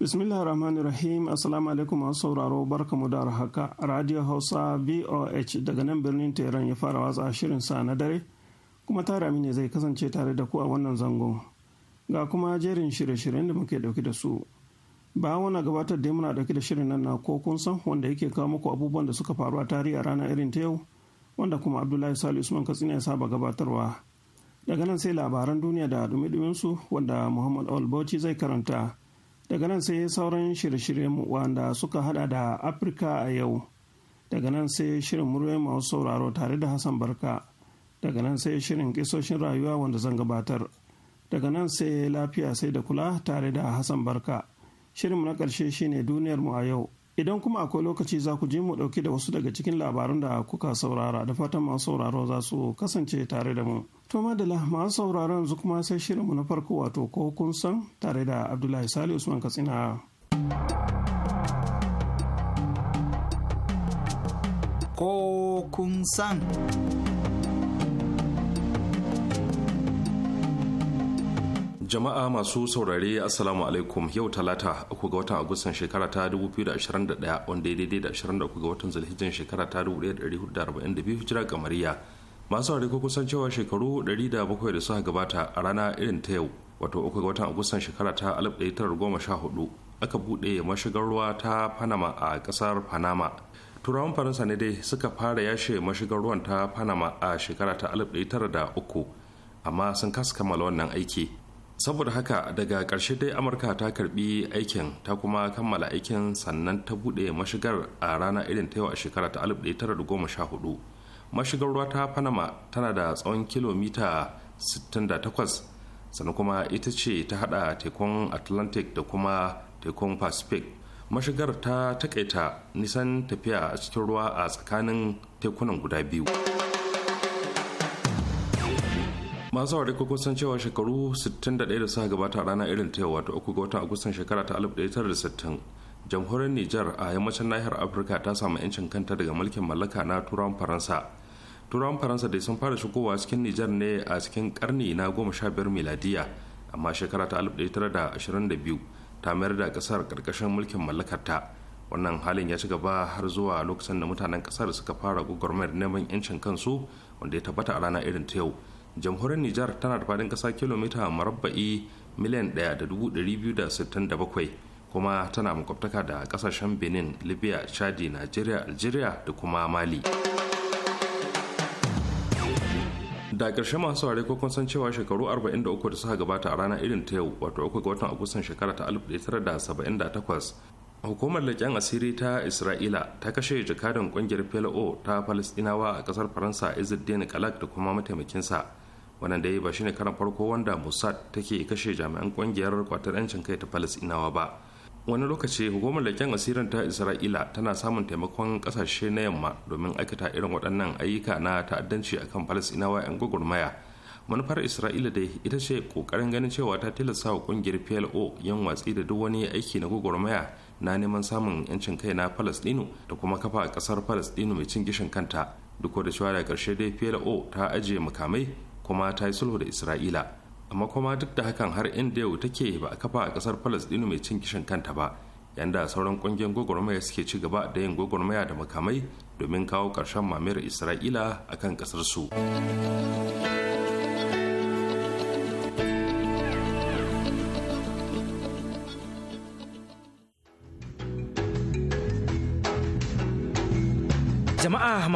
bismillah rahmanir rahim assalamu alaikum masu sauraro mu da haka radio hausa voh daga nan birnin tehran ya fara watsa shirin sa na dare kuma tare ne zai kasance tare da ku a wannan zangon ga kuma jerin shirye-shiryen da muke dauke da su ba wani gabatar da muna dauke da shirin nan na ko kun san wanda yake kawo muku abubuwan da suka faru a tarihi a ranar irin ta yau wanda kuma abdullahi sali usman katsina ya saba gabatarwa daga nan sai labaran duniya da dumi su wanda muhammad al zai karanta daga nan sai sauran shirye-shiryen wanda suka hada da afirka a yau daga nan sai shirin muryoyi masu sauraro tare da hassan barka daga nan sai shirin kisoshin rayuwa wanda zan gabatar daga nan sai lafiya sai da kula tare da hassan barka shirin na ƙarshe shine duniyar mu a yau idan kuma akwai lokaci za ku je mu ɗauki da wasu daga cikin labarun da kuka saurara da fatan masu sauraro za su kasance tare da mu to madala masu sauraro yanzu kuma sai shirin mu na farko wato ko kun san tare da abdullahi sali usman katsina ko kun san Jama'a masu saurare Assalamu alaikum yau talata uku ga watan Agustan shekara ta 2021 wanda ya daidai da 23 ga watan Zulhijjan shekara ta 1442 hijira kamariya. Masu saurare ko kusan cewa shekaru 107 da suka gabata a rana irin ta yau wato uku ga watan Agustan shekara ta 1914 aka buɗe mashigar ruwa ta Panama a ƙasar Panama. Turawan Faransa ne dai suka fara yashe mashigar ruwan ta Panama a shekara ta 1903 amma sun kasa kammala wannan aiki. saboda haka daga karshe dai amurka ta karbi aikin ta kuma kammala aikin sannan ta buɗe mashigar a rana irin ta yau a shekara ta 1914 mashigar ruwa ta panama tana da tsawon kilomita 68 sannan kuma ita ce ta hada tekun atlantic da kuma tekun pacific mashigar ta takaita nisan tafiya a cikin ruwa a tsakanin tekunan guda biyu masu haure ko kusan cewa shekaru 61 da suka gabata rana irin ta wato uku ga watan agustan shekara ta 1960 jamhuriyar niger a yammacin nahiyar afirka ta samu 'yancin kanta daga mulkin mallaka na turawan faransa turawan faransa dai sun fara shigowa cikin niger ne a cikin karni na goma sha biyar miladiya amma shekara ta 1922 ta mayar da kasar karkashin mulkin mallakarta wannan halin ya ci gaba har zuwa lokacin da mutanen kasar suka fara gwagwarmayar neman 'yancin kansu wanda ya tabbata a rana irin ta yau jamhuriyar nijar tana da faɗin ƙasa kilomita marabba'i miliyan 1,267 kuma tana makwabtaka da kasashen benin libya chadi nigeria algeria da kuma mali da ƙarshe masu saurare ko kun san cewa shekaru 43 da suka gabata a rana irin ta yau wato uku ga watan agustan shekara ta 1978 hukumar leƙen asiri ta isra'ila ta kashe jakadan ƙungiyar plo ta falastinawa a ƙasar faransa izzdin kalak da kuma mataimakinsa wannan dai ba shine karan farko wanda mossad take kashe jami'an kungiyar kwatar 'yancin kai ta palestinawa ba wani lokaci hukumar leken asirin ta isra'ila tana samun taimakon kasashe na yamma domin aikata irin waɗannan ayyuka na ta'addanci akan palestinawa 'yan gwagwarmaya manufar isra'ila dai ita ce kokarin ganin cewa ta tilasta wa kungiyar plo yan watsi da duk wani aiki na gwagwarmaya na neman samun yancin kai na palestino da kuma kafa kasar palestino mai cin gishin kanta duk da cewa da karshe dai plo ta ajiye makamai kuma ta yi sulhu da isra'ila amma kuma duk da hakan har inda yau take ba a kafa a kasar palestine mai cin kishin kanta ba yanda sauran kungiyar gwagwarmaya suke ci gaba da yin gwagwarmaya da makamai domin kawo ƙarshen mamayar isra'ila akan kasar su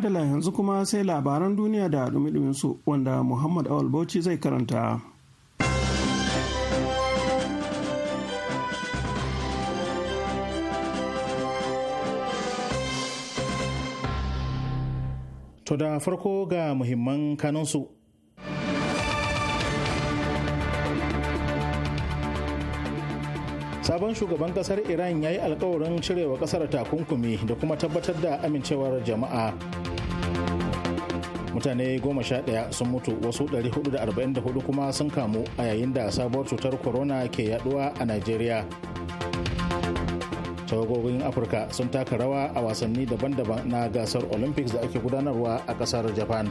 madala yanzu kuma sai labaran duniya da dumi duminsu wanda Muhammad Awal Bauchi zai karanta. To da farko ga muhimman kanansu. sabon shugaban kasar iran ya yi alkawarin cirewa kasar takunkumi da kuma tabbatar da amincewar jama'a mutane goma sha ɗaya sun mutu wasu 444 kuma sun kamu a yayin da sabuwar cutar corona ke yaduwa a nigeria tawagogin afirka sun taka rawa a wasanni daban-daban na gasar olympics da ake gudanarwa a kasar japan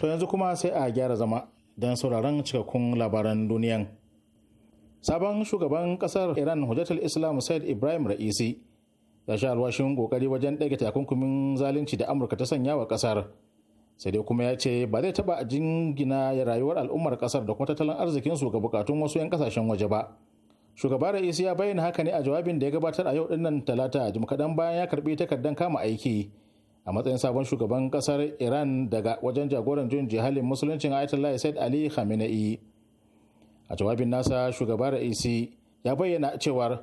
to yanzu kuma sai a gyara zama don sauraron cikakkun labaran duniyan sabon shugaban kasar iran hujjatul islam said ibrahim ra'isi ta alwashin kokari wajen ɗage takunkumin zalunci da amurka ta sanya wa ƙasar sai dai kuma ya ce ba zai taɓa jingina rayuwar al'ummar ƙasar da kuma tattalin arzikinsu ga bukatun wasu 'yan kasashen waje ba shugaba ra'isi ya bayyana haka ne a jawabin da ya gabatar a yau dinnan talata jim kaɗan bayan ya karɓi takardan kama aiki a matsayin sabon shugaban ƙasar iran daga wajen jagoran juyin jihalin musuluncin ayatollah said ali khamenei a jawabin nasa shugaba ra'isi ya bayyana cewar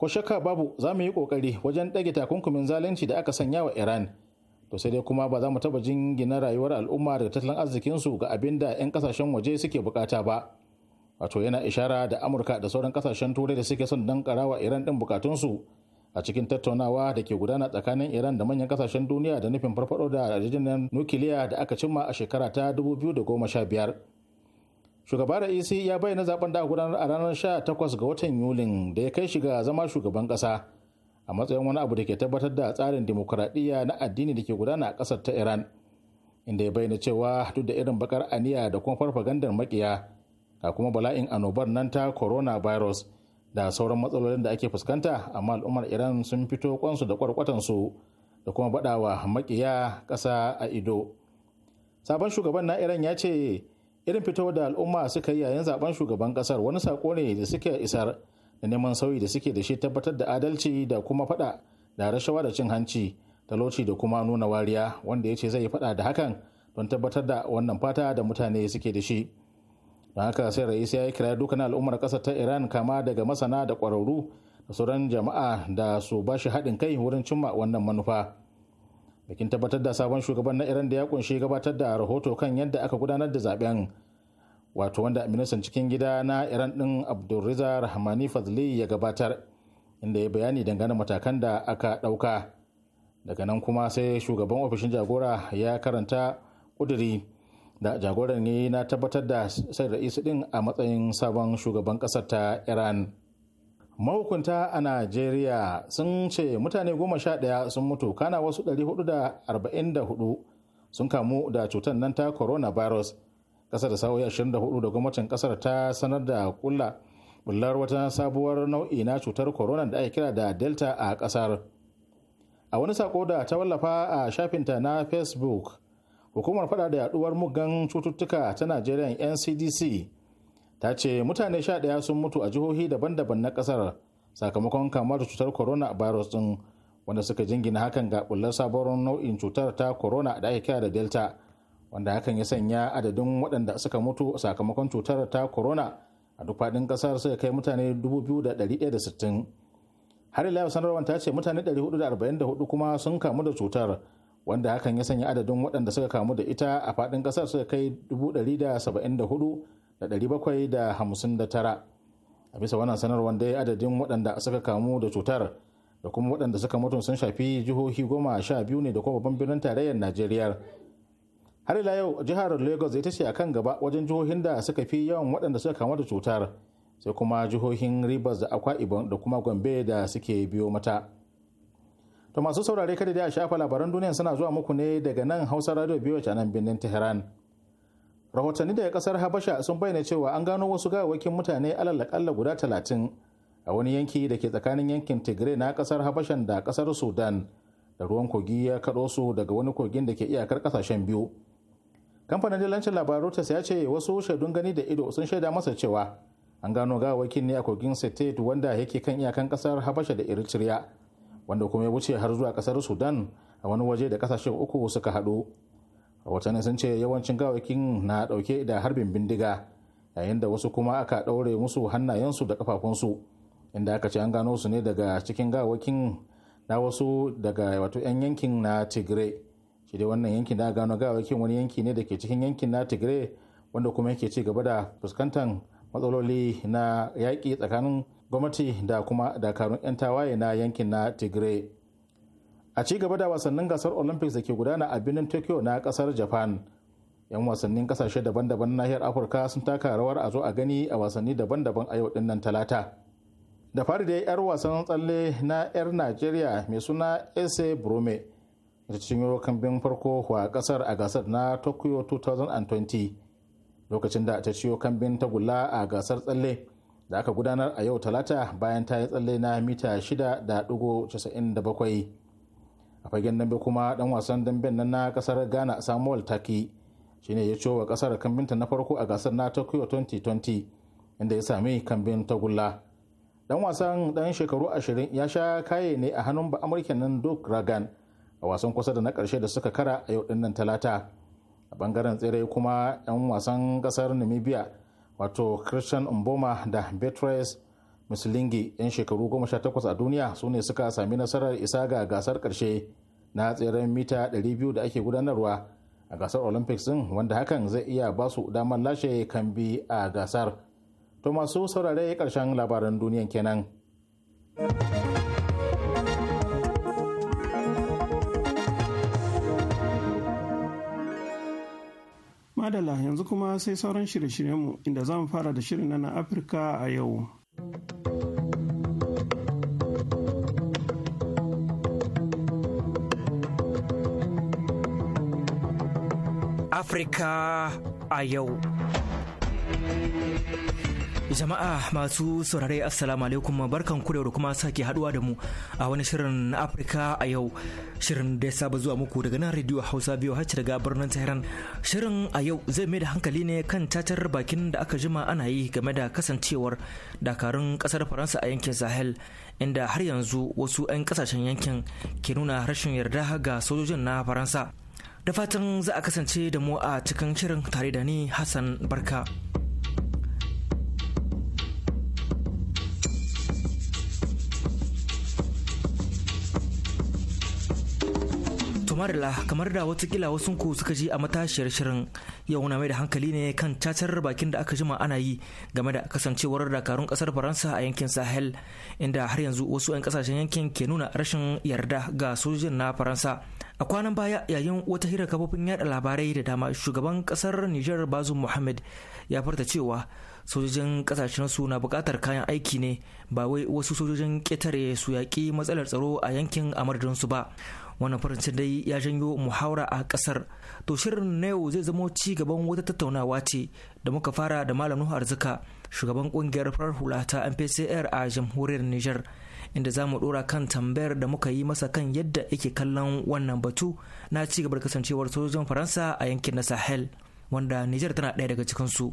ko shakka babu za mu yi kokari wajen ɗage takunkumin zalunci da aka sanya wa iran to sai dai kuma ba za mu taba jingina rayuwar al'umma daga tattalin arzikinsu ga abin da 'yan kasashen waje suke bukata ba wato yana ishara da amurka da sauran kasashen turai da suke son dankara wa iran din bukatunsu a cikin tattaunawa da ke gudana tsakanin iran da manyan kasashen duniya da nufin farfaɗo da yarjejeniyar nukiliya da aka cimma a shekara ta 2015 shugaba raisi ya bayyana zaben da gudanar a ranar 18 ga watan yulin da ya kai shi ga zama shugaban kasa a matsayin wani abu da ke tabbatar da tsarin demokuraɗiyya na addini da ke gudana a ƙasar ta iran inda ya bayyana cewa duk da irin bakar aniya da kuma farfagandar makiya ga kuma bala'in annobar nan ta coronavirus da sauran matsalolin da ake fuskanta amma al'ummar iran sun fito kwansu da su da kuma baɗawa makiya ƙasa a ido sabon shugaban na iran ya ce irin fitowar da al'umma suka yi yayin zaben shugaban kasar wani sako ne da suke isar da neman sauyi da suke da shi tabbatar da adalci da kuma fada da rashawa da cin hanci talauci da kuma nuna wariya wanda ya ce zai fada da hakan don tabbatar da wannan fata da mutane suke da shi don haka sai rais ya yi kira dukkan al'ummar kasar ta iran kama daga masana da kwararru da sauran jama'a da su ba shi haɗin kai wurin cimma wannan manufa bikin tabbatar da sabon shugaban na iran da ya kunshi gabatar da rahoto kan yadda aka gudanar da zaben wato wanda ministan cikin gida na iran din abdulriza rahmani fazli ya gabatar inda ya bayani dangane matakan da aka dauka daga nan kuma sai shugaban ofishin jagora ya karanta kuduri da jagoran ne na tabbatar da sai da din a matsayin sabon shugaban kasar ta iran mahukunta a najeriya sun ce mutane goma sha ɗaya sun mutu kana wasu 444 sun kamu da cutar nan ta coronavirus Kasar da sa'o'i 24 da gwamnatin ƙasar ta sanar da kulla bullar wata sabuwar nau'i na cutar corona da ake kira da delta a ƙasar a wani sako da ta wallafa a shafinta na facebook hukumar fada da yaduwar mugan cututtuka ta najeriya ncdc ta ce mutane sha ɗaya sun mutu a jihohi daban-daban na ƙasar sakamakon kamar da cutar corona virus ɗin wanda suka jingina hakan ga bullar sabon nau'in cutar ta corona da ake kira da delta wanda hakan ya sanya adadin waɗanda suka mutu sakamakon cutar ta corona a duk faɗin ƙasar suka kai mutane 2,160 har ila yau sanarwar ta ce mutane 444 kuma sun kamu da cutar wanda hakan ya sanya adadin waɗanda suka kamu da ita a faɗin ƙasar suka kai 174 a bisa wannan sanarwar dai adadin waɗanda suka kamu da cutar da kuma waɗanda suka mutu sun shafi jihohi goma sha biyu ne da kuma babban birnin tarayyar najeriya har ila yau jihar lagos ita ce a kan gaba wajen jihohin da suka fi yawan waɗanda suka kamu da cutar sai kuma jihohin ribas da akwa ibon da kuma gombe da suke biyo mata to masu saurare kada da a shafa labaran duniya suna zuwa muku ne daga nan hausa radio biyu a nan birnin tehran rahotanni daga kasar habasha sun bayyana cewa an gano wasu gawakin mutane alalakalla guda talatin a wani yanki da ke tsakanin yankin tigray na kasar habashan da kasar sudan da ruwan kogi ya kaɗo su daga wani kogin da ke iyakar kasashen biyu kamfanin dalancin labaru ta ya ce wasu shaidun gani da ido sun shaida masa cewa an gano gawakin ne a kogin sated wanda yake kan iyakan kasar habasha da eritrea wanda kuma ya wuce har zuwa kasar sudan a wani waje da kasashen uku suka haɗu rahotanni sun ce yawancin gawakin na dauke da harbin bindiga yayin da wasu kuma aka daure musu hannayensu da kafafunsu inda aka ce an gano su ne daga cikin gawakin na wasu daga wato 'yan yankin na tigray shi dai wannan yankin da gano gawakin wani yanki ne da ke cikin yankin na tigray wanda kuma yake ci gaba da fuskantar matsaloli na yaƙi tsakanin gwamnati da kuma dakarun 'yan tawaye na yankin na tigray a ci gaba da wasannin gasar olympics da ke gudana a birnin tokyo na kasar japan yan wasannin kasashe daban-daban nahiyar afirka sun taka rawar a zo a gani a wasanni daban-daban a yau dinnan talata da fari da yar wasan tsalle na yar nigeria mai suna ese brome da cinyo kambin farko wa kasar a gasar na tokyo 2020 lokacin da ta ciyo kambin tagulla a gasar tsalle da aka gudanar a yau talata bayan ta yi tsalle na mita 6.97 a fagen dambe kuma dan wasan damben nan na kasar ghana samuel taki shine ya ciwo wa kasar kambinta na farko a gasar na tokyo 2020 inda ya sami kambin ta gulla dan wasan dan shekaru 20 ya sha kaye ne a hannun ba nan doc ragan a wasan kusa da na karshe da suka kara a yau dinnan talata a bangaren tsere kuma yan wasan kasar namibia wato christian mboma da beatrice musulingi 'yan shekaru 18 a duniya su ne suka sami nasarar isa ga gasar karshe na tseren mita 200 da ake gudanarwa a gasar olympics din wanda hakan zai iya ba su damar lashe kan kambi a gasar to masu saurare karshen labaran duniyan kenan madala yanzu kuma sai sauran shirye-shiryenmu inda za mu fara da shirin na afirka a yau Afirka a yau. Jama'a masu saurare Assalamu alaikum barkan ku da kuma sake haduwa da mu a wani shirin Afirka a yau shirin da ya saba zuwa muku daga nan Radio Hausa biyu hacci daga birnin Tehran. Shirin a yau zai mai da hankali ne kan tatar bakin da aka jima ana yi game da kasancewar dakarun kasar Faransa a yankin Sahel inda har yanzu wasu 'yan kasashen yankin ke nuna rashin yarda ga sojojin na Faransa. Da fatan za a kasance da mu a cikin shirin tare da ni Hassan Barka. da kamar da watakila wasu ku suka ji a matashiyar shirin yau na mai da hankali ne kan cacar bakin da aka jima ana yi game da kasancewar dakarun kasar Faransa a yankin Sahel inda har yanzu wasu 'yan kasashen yankin ke nuna rashin yarda ga sojojin na Faransa. A kwanan baya yayin wata hira kafofin yaɗa labarai da dama shugaban kasar Nijar Bazoum muhammad ya farta cewa sojojin kasashen su na bukatar kayan aiki ne ba wai wasu sojojin ketare su yaƙi matsalar tsaro a yankin su ba wannan farancin dai ya janyo muhawara a kasar to shirin na yau zai zama ci gaban wata tattaunawa ce da muka fara da malam nuhu arzika shugaban kungiyar farar hula ta mpcr a jamhuriyar niger inda za mu dora kan tambayar da muka yi masa kan yadda yake kallon wannan batu na ci gaba kasancewar sojojin faransa a yankin na sahel wanda niger tana ɗaya daga cikinsu su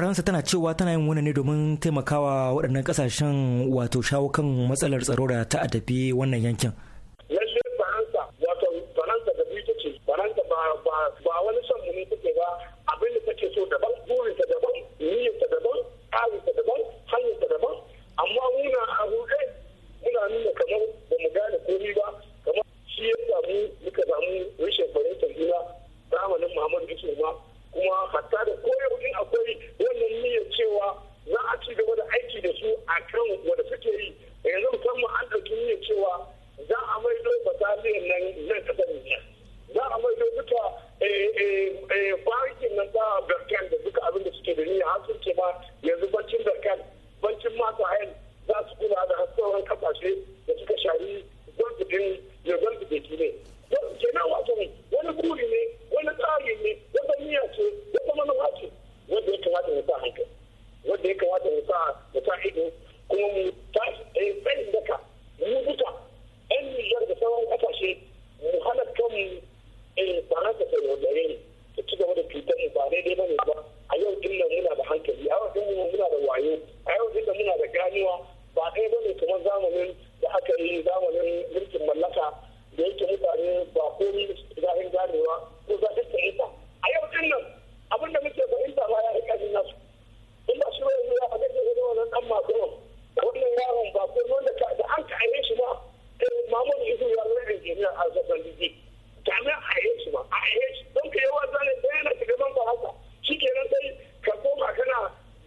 faransa tana cewa tana yin wani ne domin taimakawa waɗannan ƙasashen wato shawo kan matsalar tsaro da ta addabi wannan yankin mu muna da wayo a yau duka muna da ganuwa ba ɗaya ba ne kamar zamanin da aka yi zamanin mulkin mallaka da yake mutane ba komi zahin ganewa ko za yi ta a yau din nan abin da muke fahimta ba ya rika jin nasu in ba shi yanzu ya faɗa da wani wannan ɗan makon da wannan yaron ba ko wanda da an ka aye shi ba eh, mamun isu ya zama injiniya a zaɓen jiki kamar a aye shi ba a aye shi don ka yi wa zanen da na shugaban ba haka shi kenan sai ka koma kana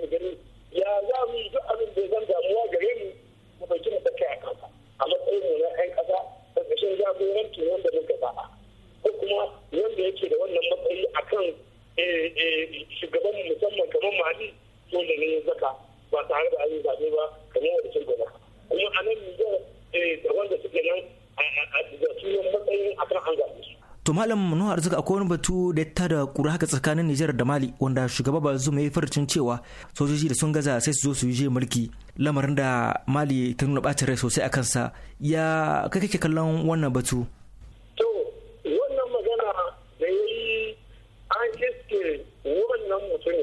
community To Malam Nuhu Arzika akwai wani batu da ta da kura haka tsakanin Nijar da Mali wanda shugaba Bazoum ya yi farcin cewa sojoji da sun gaza sai su zo su yi mulki lamarin da Mali ta nuna bacin rai sosai a kansa ya kai kake kallon wannan batu. To wannan magana da ya yi an iske wannan mutum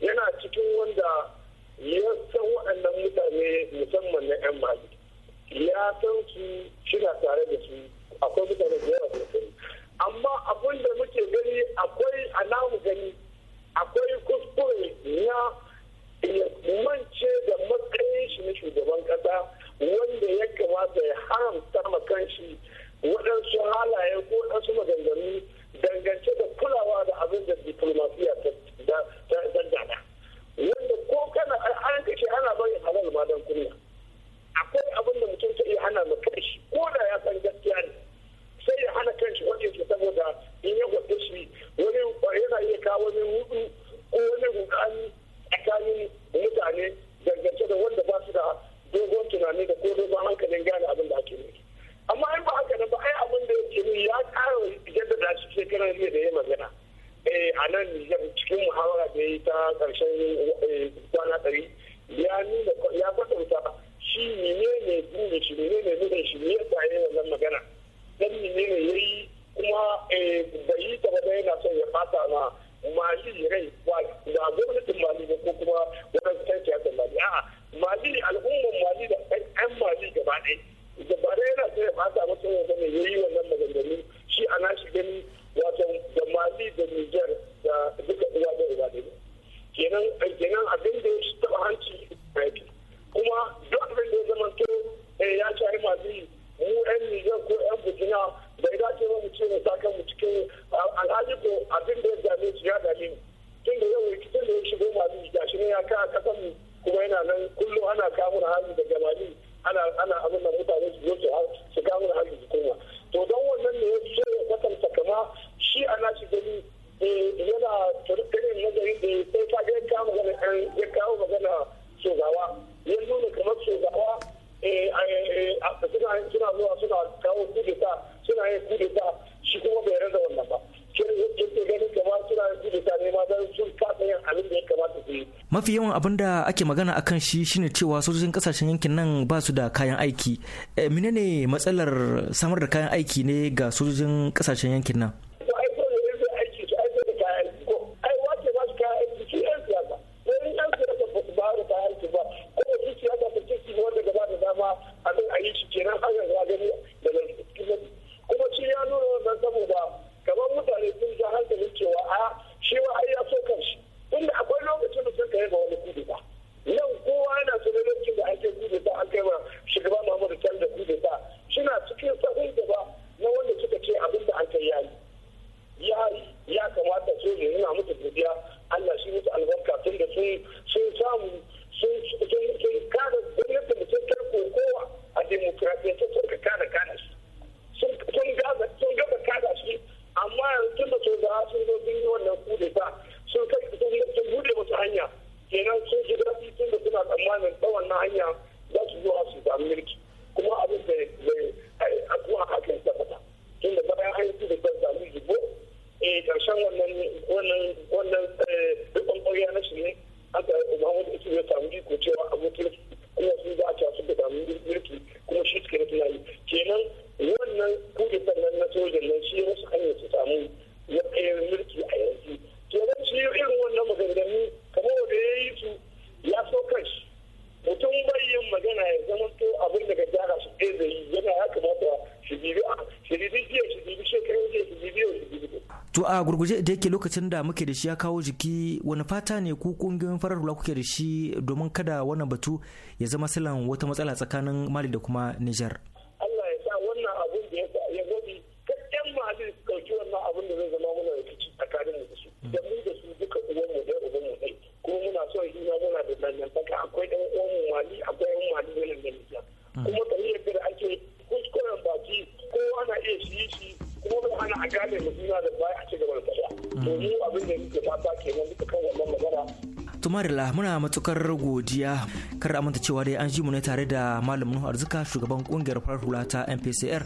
yana cikin wanda ya san waɗannan mutane musamman na 'yan Mali ya san su shiga tare da su akwai mutane da yawa sosai. amma abin da muke gani akwai alamu gani akwai kuskure na mance da matsayin shi na shugaban kasa wanda ya kamata ya haramta makan shi waɗansu halaye ko waɗansu maganganu dangance da kulawa da abin da diplomasiya ta dangana wanda ko kana an kashe ana bayan halal ma don kunya akwai abin da mutum ta iya hana ma shi ko da ya san gaskiya ne sai ya hana kanshi wajen shi saboda in ya gwada shi wani yana iya kawo wani hudu ko wani rudani tsakanin mutane dangance da wanda ba su da dogon tunani da ko dogon hankalin gane abin da ake nufi amma in ba haka nan ba ai abin da yake ya ƙara yadda da shi shekarar jiya da ya magana eh, a nan cikin muhawara da ya yi ta karshen eh, kwana ɗari ya nuna ya kwatanta shi ne ne ne ne ne ne ne shi ne ya ne ne magana don ne ne ya yi kuma eh, bai yi gaba da yana son ya fata ma mali rai ba da gwamnatin mali ko kuma wadansu kan siyasar mali a mali al'umman mali da ɗan mali gaba ɗaya gaba ɗaya yana son ya fata masa ya zama ya yi wannan maganganu shi a shi gani wato da mali da niger da duka uwa da uwa da kenan eh, kenan abin da ya taba hanci kuma duk abin da ya zama to eh, ya shari mali mu yan nijar ko yan burkina bai dace ba mu ce mu sa kanmu cikin alhali ko abin da ya dame su ya dame mu tun da yau rikicin da ya shigo masu gashi ne ya ka kasan mu kuma yana nan kullum ana kamun hali da gamani ana ana abin da mutane su zo su hali su koma to don wannan ne ya ce ya kwatanta kama shi ana shi gani eh, yana turkirin nazarin da sai ta ga ya kawo magana shugawa ya nuna kamar shugawa suna zuwa suna kawo suna yin shi kuma bai wannan ba mafi yawan abin da ake magana a kan shi shine cewa sojojin kasashen yankin nan ba su da kayan aiki eh, menene matsalar samar da kayan aiki ne ga sojojin kasashen yankin nan a gurguje da yake lokacin da muke da shi ya kawo jiki wani fata ne ku kungiyoyin farar hula kuke da shi domin kada wannan batu ya zama silan wata matsala tsakanin Mali da kuma Nijar. Marila muna matukar godiya kar aminta cewa dai an ji mu ne tare da Malam Nuhu Arzika shugaban kungiyar farar hula ta MPCR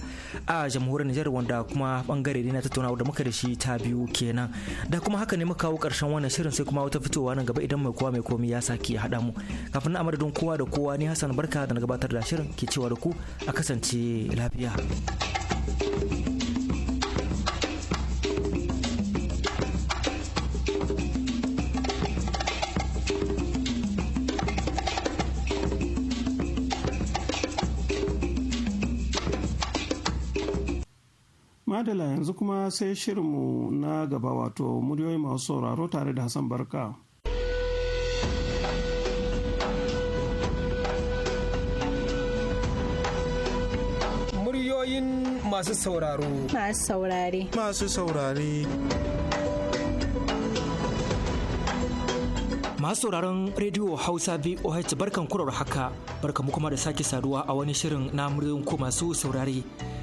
a jamhuriyar Nijar wanda kuma bangare ne na tattaunawa da muka da shi ta biyu kenan. Da kuma haka ne muka kawo karshen wannan shirin sai kuma wata fitowa nan gaba idan mai kowa mai komi ya saki haɗa mu. Kafin na don kowa da kowa ni Hassan Barka da na gabatar da shirin ke cewa da ku a kasance lafiya. Madala yanzu kuma sai shirinmu na gaba wato muryoyi masu sauraro tare da Hassan Barka. Muryoyin masu sauraro. Masu saurare. Masu saurare. Masu sauraron rediyo Hausa VOH barkan kurar haka barkamu kuma da sake saduwa a wani shirin na muryoyin ko masu saurare.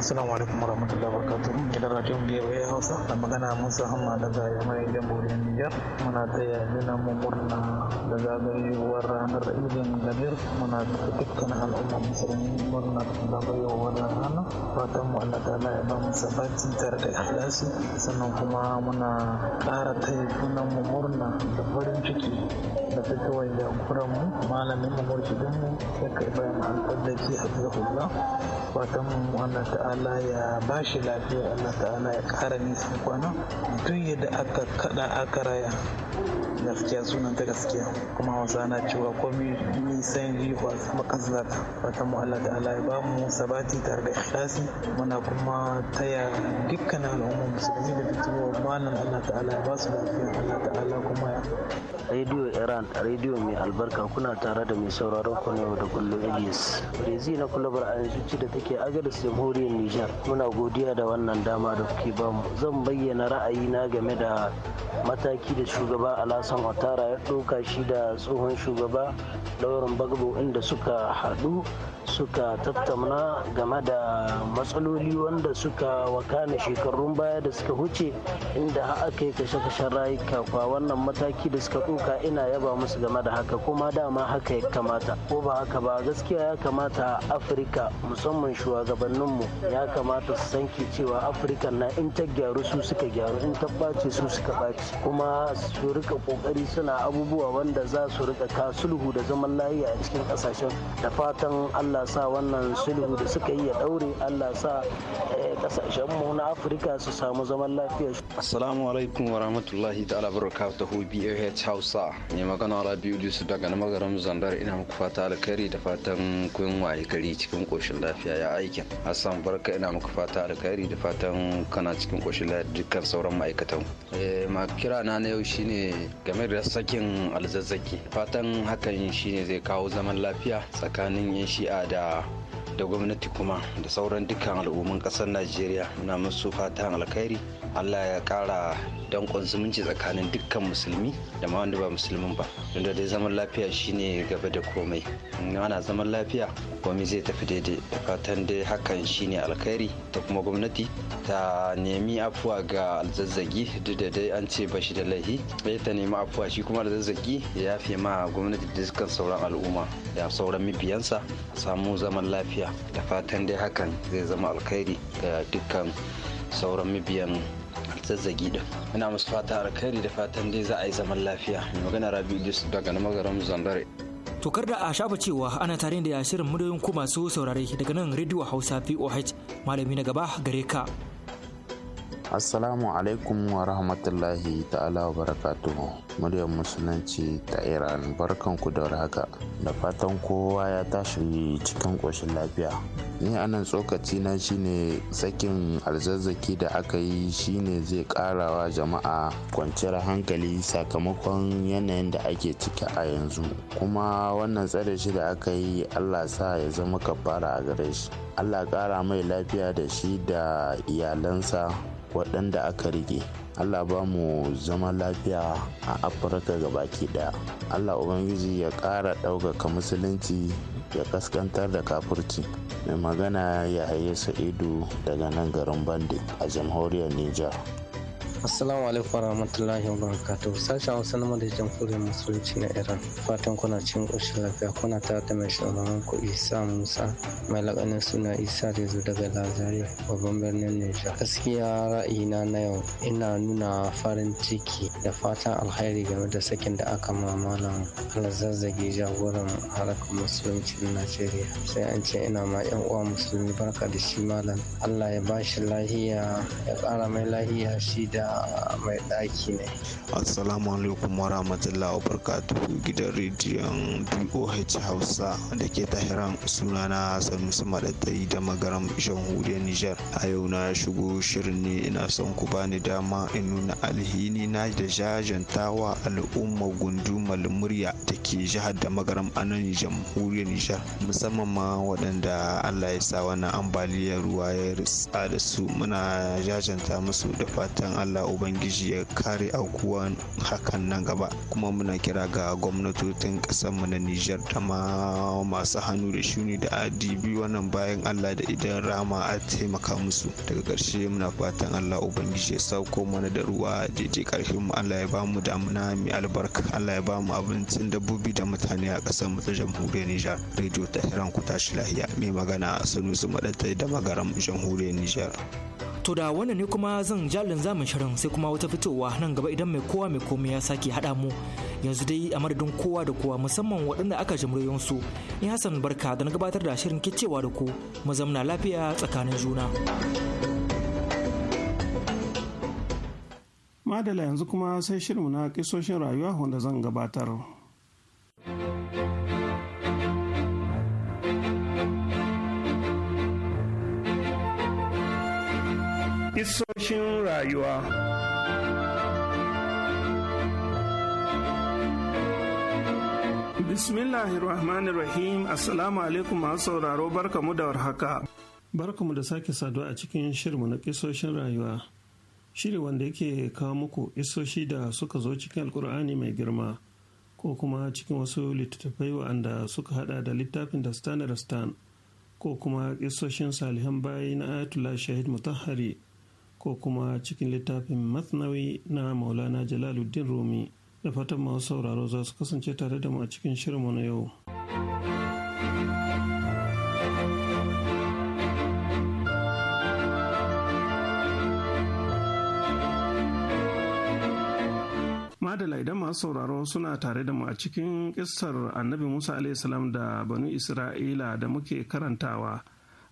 Assalamu alaikum warahmatullahi wabarakatuh. Gidan Radio BOA Hausa da magana Musa Hamma daga Yamai Jamhuriyar Nijar. Muna taya juna mu murna da zagayowar ranar Idin Gabir. Muna dukkan al'umma musulmi murna da zagayowar ranar. Fatan mu Allah ta ya ba mu sabacin tare da ikhlasi. Sannan kuma muna ƙara taya juna mu murna da farin ciki shafi kawai jagoran mu malamin mu murshidin mu ya kai bayan an tsallake a zahullah fatan mu Allah ta'ala ya ba shi lafiya Allah ta'ala ya kara nisan kwana tun yadda aka kada aka raya gaskiya sunan ta gaskiya kuma wasa na cewa komi nisan jihuwa sama kanzata fatan mu Allah ta'ala ya ba mu sabati tare da ikhlasi muna kuma taya dukkan al'umma musulmi da fitowar malam Allah ta'ala ya ba su lafiya Allah ta'ala kuma ya Radio Iran, Radio mai albarka kuna tare da mai sauraron ku yau da kullum Ilyas. Rezi na kulabar a yanzu da take agadis jamhuriyar Nijar. Muna godiya da wannan dama da kuke bamu. Zan bayyana ra'ayi na game da mataki da shugaba Alasan Ouattara ya ɗauka shi da tsohon shugaba Lauren Bagbo inda suka haɗu suka tattauna game da matsaloli wanda suka wakana shekarun baya da suka huce inda aka yi kashe-kashen rayuka kwa wannan mataki da suka ɗauka ina yaba musu game da haka kuma dama haka ya kamata ko ba haka ba gaskiya ya kamata a afirka musamman shugabanninmu ya kamata su sanke cewa afirka na in ta gyaru su suka gyaru in ta ɓace su suka ɓace kuma su rika ƙoƙari suna abubuwa wanda za su rika ka sulhu da zaman lafiya a cikin ƙasashen da fatan allah sa wannan sulhu da suka yi ya ɗaure allah sa eh, ƙasashenmu na afirka su samu zaman lafiya assalamu alaikum wa rahmatullahi ta'ala barakatuhu bh house hausa mai magana da yusuf daga na magaram zandar ina muku fata alkhairi da fatan kun waye gari cikin koshin lafiya ya aikin hassan barka ina muku fata alkhairi da fatan kana cikin koshin lafiya dukkan sauran ma'aikatan eh, ma kira na na yau shine game da sakin alzazzaki fatan hakan shine zai kawo zaman lafiya tsakanin yan shi'a da da gwamnati kuma da sauran dukkan al'umman ƙasar najeriya muna musu fatan alkhairi allah ya ƙara danƙon zumunci tsakanin dukkan musulmi da ma wanda ba musulmin ba inda dai zaman lafiya shine gaba da komai in ana zaman lafiya komai zai tafi daidai da fatan dai hakan shine alkhairi ta kuma gwamnati ta nemi afuwa ga alzazzagi duk da dai an ce bashi da laifi. sai ta nemi afuwa shi kuma alzazzagi ya fi ma gwamnati da dukkan sauran al'umma da sauran mibiyansa samu zaman lafiya da fatan dai hakan zai zama alkhairi ga dukkan sauran mabiyan zazzagi din ina musu fata alkhairi da fatan dai za a yi zaman lafiya mai magana rabi idris daga namagaram zandare Tokar da a shafa cewa ana tare da shirin madoyin ku masu saurare daga nan rediyo Hausa VOH malami na gaba gare ka. assalamu alaikum wa rahmatullahi ta'ala wa barakatuhu muryar musulunci ta iran barkan ku da haka da fatan kowa ya tashi cikin ƙoshin lafiya ni anan tsokaci na shine sakin alzazzaki da aka yi shine zai karawa jama'a kwanciyar hankali sakamakon yanayin da ake ciki a yanzu kuma wannan tsare shi da aka yi allah sa ya zama kafara a gare shi allah kara mai lafiya da shi da iyalansa waɗanda aka rige allah ba mu zama lafiya a afirka ga baki daya allah ubangiji ya ƙara ɗaukaka musulunci ya kaskantar da kafurci mai magana ya haye sa'idu daga nan garin bandi a jamhuriyar niger Assalamu alaikum warahmatullahi wabarakatuh. Sashen Hausa na Madajin Jamhuriyar Musulunci na Iran. Fatan kuna cin ƙoshin lafiya kuna tare da mai shugaban ku Isa Musa mai lakanin suna Isa da zo daga Lazare babban birnin Nijar. Gaskiya ra'ayina na yau ina nuna farin ciki da fatan alheri game da sakin da aka ma malam alzazzage jagoran harkar musulunci na Najeriya. Sai an ce ina ma 'yan uwa musulmi barka da shi malam. Allah ya bashi lahiya ya ƙara mai lahiya shi da mai ɗaki ne assalamu alaikum wa rahmatullahi wa gidan rediyon boh hausa da ke tahiran sunana hassan musamman da magaram jamhuriyar nijar a yau na shigo shirin ne ina son ku bani dama in nuna alhini na da jajantawa al'umma gundumar murya da ke jihar da magaram anan jamhuriyar nijar musamman ma waɗanda allah ya sa wannan ambaliyar ruwa ya ritsa da su muna jajanta musu da fatan allah Allah Ubangiji ya kare aukuwan hakan nan gaba kuma muna kira ga gwamnatocin mu na Nijar da ma masu hannu da shuni da adibi wannan bayan Allah da idan rama a taimaka musu daga ƙarshe muna fatan Allah Ubangiji ya sauko mana da ruwa daidai ƙarfin mu Allah ya ba mu damuna mai albarka Allah ya ba mu abincin dabbobi da mutane a ƙasar mu ta jamhuriyar Nijar rediyo ta hiran ku tashi lahiya mai magana su Madatai da magaram jamhuriyar Nijar. To da wannan ne kuma zan jalin zamu shirin sai kuma wata fitowa nan gaba idan mai kowa mai komai ya sake haɗa mu yanzu dai a madadin kowa da kowa musamman waɗanda aka jimriyon su in hassan barka da na gabatar da shirin kicewa da ku mu zamna lafiya tsakanin juna. Madala yanzu kuma sai shirin na kisoshin rayuwa wanda zan gabatar. Hissoshin rayuwa Bismillahirrahmanirrahim Assalamu alaikum masu sauraro barkamu da warhaka. Barkamu da sake saduwa a cikin shirmu na kisoshin rayuwa. Shiri wanda yake kawo muku isoshi da suka zo cikin alkur'ani mai girma ko kuma cikin wasu littattafai wa'anda suka hada da littafin da stan ko kuma isoshin salihan bayi na Ayatollah Shahid Mutahari. ko kuma cikin littafin masnawi na maulana jalaluddin rumi da fatan masu sauraro za su kasance tare da mu a cikin shirinmu na yau madala idan masu sauraro suna tare da mu a cikin kissar annabi musa salam da banu isra'ila da muke karantawa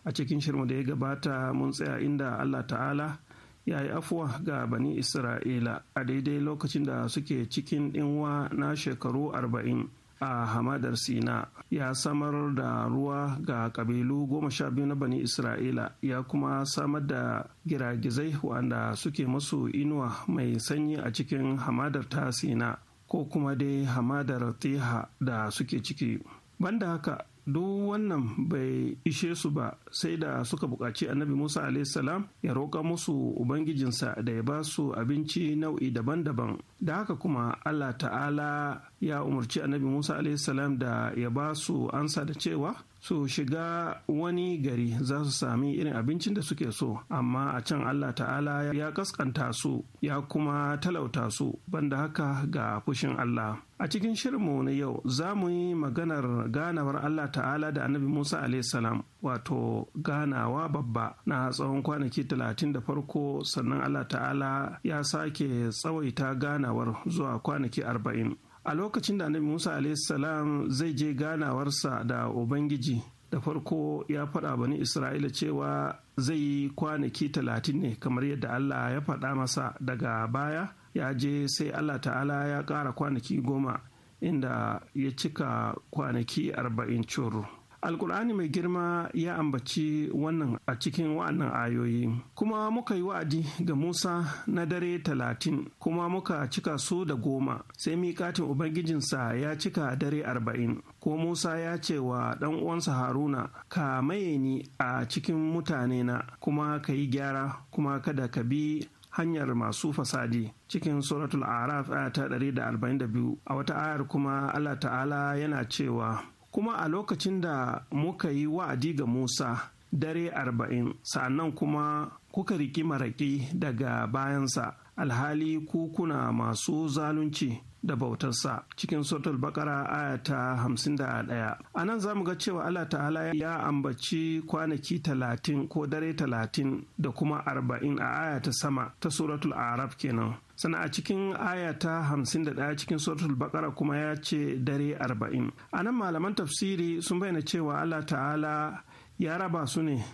a cikin shirma da ya gabata mun tsaya inda allah ta'ala ya yi afuwa ga bani isra'ila a daidai lokacin da suke cikin ɗinwa na shekaru arba'in a hamadar sina ya samar da ruwa ga kabilu goma sha biyu na bani isra'ila ya kuma samar da giragizai wanda suke masu inuwa mai sanyi a cikin hamadar ta sina ko kuma dai hamadar tiha da suke ciki banda haka duk wannan bai ishe su ba sai da suka buƙaci annabi musa salam ya roƙa musu ubangijinsa da ya ba su abinci nau'i daban-daban da haka kuma allah ta'ala ya umarci annabi musa salam da ya ba su ansa da cewa su shiga wani gari za su sami irin abincin da suke so amma a can allah ta'ala ya kaskanta su ya kuma talauta su banda haka ga fushin allah a cikin shirinmu na yau za mu yi maganar ganawar allah ta'ala da annabi musa salam wato ganawa babba na tsawon kwanaki talatin da farko sannan allah ta'ala ya sake tsawaita ganawar zuwa kwanaki arba'in a lokacin da annabi musa salam zai je ganawarsa da ubangiji da farko ya faɗa bani isra'ila cewa zai yi kwanaki talatin ne kamar yadda allah ya faɗa masa daga baya ya je sai allah ta'ala ya ƙara kwanaki goma inda ya cika kwanaki arba'in curu alkur'ani mai girma ya ambaci wannan a cikin wa'annan ayoyi kuma muka yi wa'adi ga musa na dare talatin kuma muka cika su da goma sai mikatin ubangijinsa ya cika dare arba'in ko musa ya ce wa ɗan uwansa haruna ka maye ni a cikin mutane na kuma ka yi gyara kuma kada ka bi hanyar masu fasadi cikin suratul araf ta 142 a wata ayar kuma allah ta'ala yana cewa kuma a lokacin da muka yi wa'adi ga Musa dare arba'in sannan kuma kuka riki maraƙi daga bayansa alhali kukuna masu zalunci da bautarsa cikin sotul bakara aya ta ɗaya. a nan za mu ga cewa allah ta'ala ya ambaci kwanaki talatin ko dare talatin da kuma arba'in a aya ta sama ta suratul Arab kenan sana a cikin aya ta 51 cikin suratul bakara kuma ya ce dare arba'in a nan malaman tafsiri sun bayyana cewa allah ta'ala ya raba su ne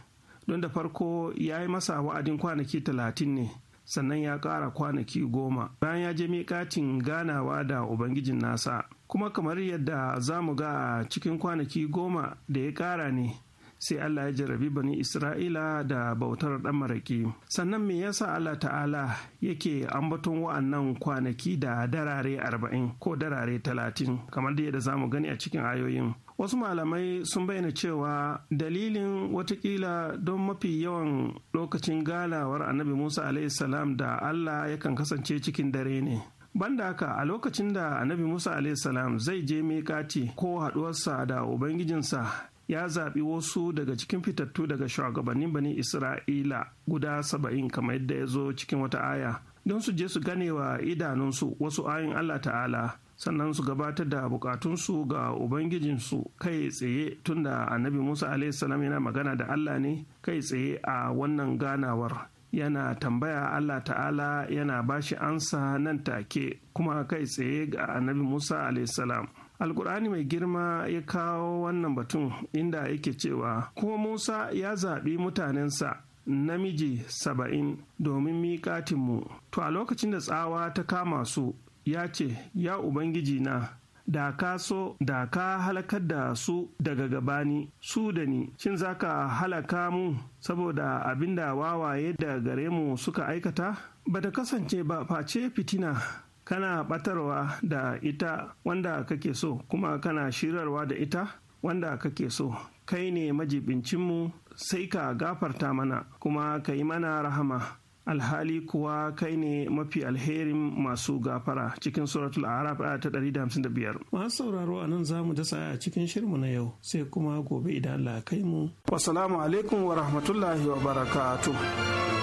don da farko ya yi masa wa'adin kwanaki talatin ne sannan ya ƙara kwanaki goma bayan ya je miƙatin ganawa da ubangijin nasa kuma kamar yadda za mu ga cikin kwanaki goma da ya ƙara ne sai Allah ya jarabi bani Isra'ila da bautar ɗan maraƙi. Sannan me yasa Allah ta'ala yake ambaton wa'annan kwanaki da darare arba'in ko darare talatin kamar da mu gani a cikin ayoyin. Wasu malamai sun bayyana cewa dalilin watakila don mafi yawan lokacin galawar annabi Musa salam da Allah yakan kasance cikin dare ne. banda haka a lokacin da annabi musa salam zai je miƙati ko haɗuwarsa da ubangijinsa ya zaɓi wasu daga cikin fitattu daga shugabannin bani isra'ila guda saba'in kamar yadda ya zo cikin wata aya don su je su gane wa idanunsu wasu ayin allah ta'ala sannan su gabatar da bukatunsu ga ubangijinsu kai tsaye tunda annabi musa salam yana magana da allah ne kai tsaye a wannan ganawar yana tambaya allah ta'ala yana bashi ansa nan take kuma kai tsaye ga annabi musa salam. alkur'ani mai girma ya kawo wannan batun inda yake cewa kuma musa ya zaɓi mutanensa namiji saba'in domin miƙatinmu to a lokacin da tsawa ta kama su ya ce ya ubangiji na da ka so da ka halakar da su daga gabani su da ni shin za ka halaka mu saboda abinda wawaye da gare mu suka aikata ba da kasance ba face fitina kana batarwa da ita wanda kake so kuma kana shirarwa da ita wanda kake so kai ne majibincinmu sai ka gafarta mana kuma ka yi mana rahama alhali kuwa kai ne mafi alherin masu gafara cikin suratul araf a ta 155 masu sauraro a nan za mu dasa a cikin shirmu na yau sai kuma gobe idan Allah kai mu wasalamu alaikum wa rahmatullahi wa barakatuh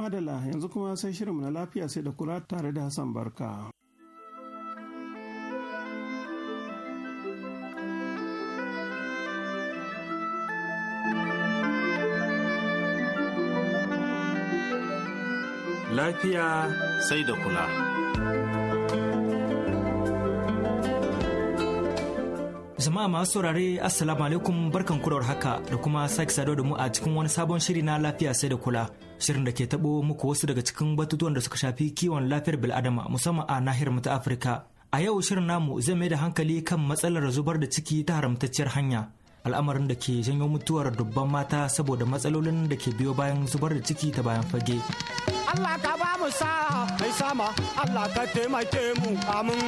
Madala yanzu kuma sai shirinmu na lafiya sai da kula tare da Hassan Barka. Lafiya sai da kula. Jama'a masu saurare Assalamu alaikum barkan kurar haka da kuma sake sadar da mu a cikin wani sabon shiri na lafiya sai da kula. shirin da ke taɓo muku wasu daga cikin batutuwan da suka shafi kiwon lafiyar bil'adama musamman a nahiyar mu ta afirka a yau shirin namu zai mai da hankali kan matsalar zubar da ciki ta haramtacciyar hanya al'amarin da ke janyo mutuwar dubban mata saboda matsalolin da ke biyo bayan zubar da ciki ta bayan fage Allah ka ba mu sa mai sama Allah ka taimake mu amin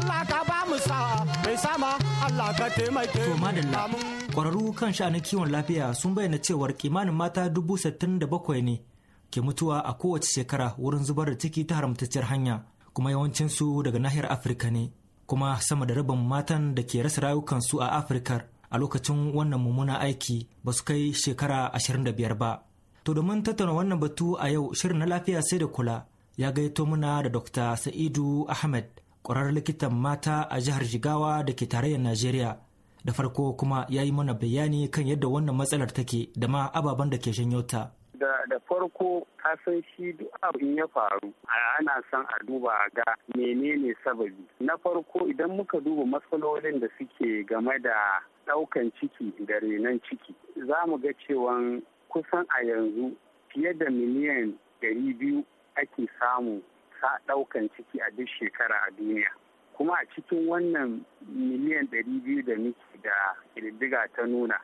Allah ka ba mu sa mai sama Allah ka taimake kwararru kan sha'anin kiwon lafiya sun bayyana cewar kimanin mata dubu sittin da bakwai ne ke mutuwa a kowace shekara wurin zubar da ciki ta haramtacciyar hanya kuma yawancinsu daga nahiyar afirka ne kuma sama da rabin matan da ke rasa rayukansu a afirka a lokacin wannan mummunan aiki ba su kai shekara 25 ba. To domin tattauna wannan batu a yau shirin na lafiya sai da kula ya gaito muna da Dr. Sa'idu Ahmed ƙwarar likitan mata a jihar Jigawa da ke tarayyar Najeriya. Da farko kuma ya yi mana bayani kan yadda wannan matsalar take da ma ababen da ke janyo ta. da farko kasan shi duk abu in ya faru ana son a duba ga menene sababi na farko idan muka duba matsalolin da suke game da ɗaukan ciki da renon ciki za mu ga cewa kusan a yanzu fiye da miliyan biyu ake samu marasa ɗaukan ciki a duk shekara a duniya kuma a cikin wannan miliyan ɗari biyu da muke da ƙididdiga ta nuna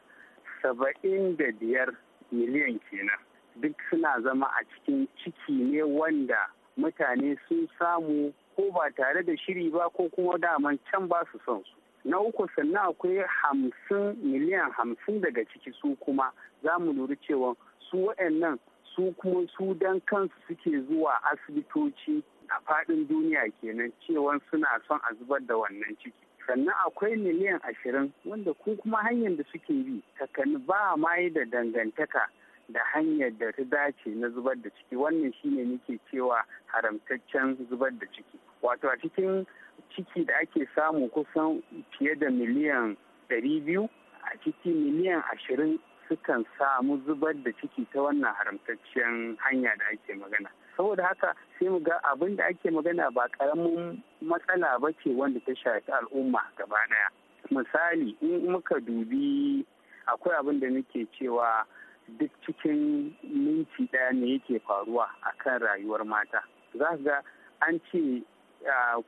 saba'in da biyar miliyan kenan duk suna zama a cikin ciki ne wanda mutane sun samu ko ba tare da shiri ba ko kuma daman can ba su son su na uku sannan akwai hamsin miliyan hamsin daga ciki su kuma za mu lura cewa su waɗannan su kuma su dan kansu suke zuwa asibitoci a faɗin duniya kenan cewa suna son a zubar da wannan ciki sannan akwai miliyan ashirin wanda ku kuma hanyar da suke bi takan ba ma da dangantaka da hanyar da ta dace na zubar da ciki wannan shine nake cewa haramtaccen zubar da ciki wato a cikin ciki da ake samu kusan fiye da miliyan ɗari biyu a ciki miliyan ashirin sukan samu zubar da ciki ta wannan haramtaccen hanya da ake magana saboda haka sai mu ga abin da ake magana ba karamin matsala ba ce wanda ta shafi al'umma gaba daya misali in muka dubi akwai abin da nake cewa duk cikin minti daya ne yake faruwa a kan rayuwar mata za ga an ce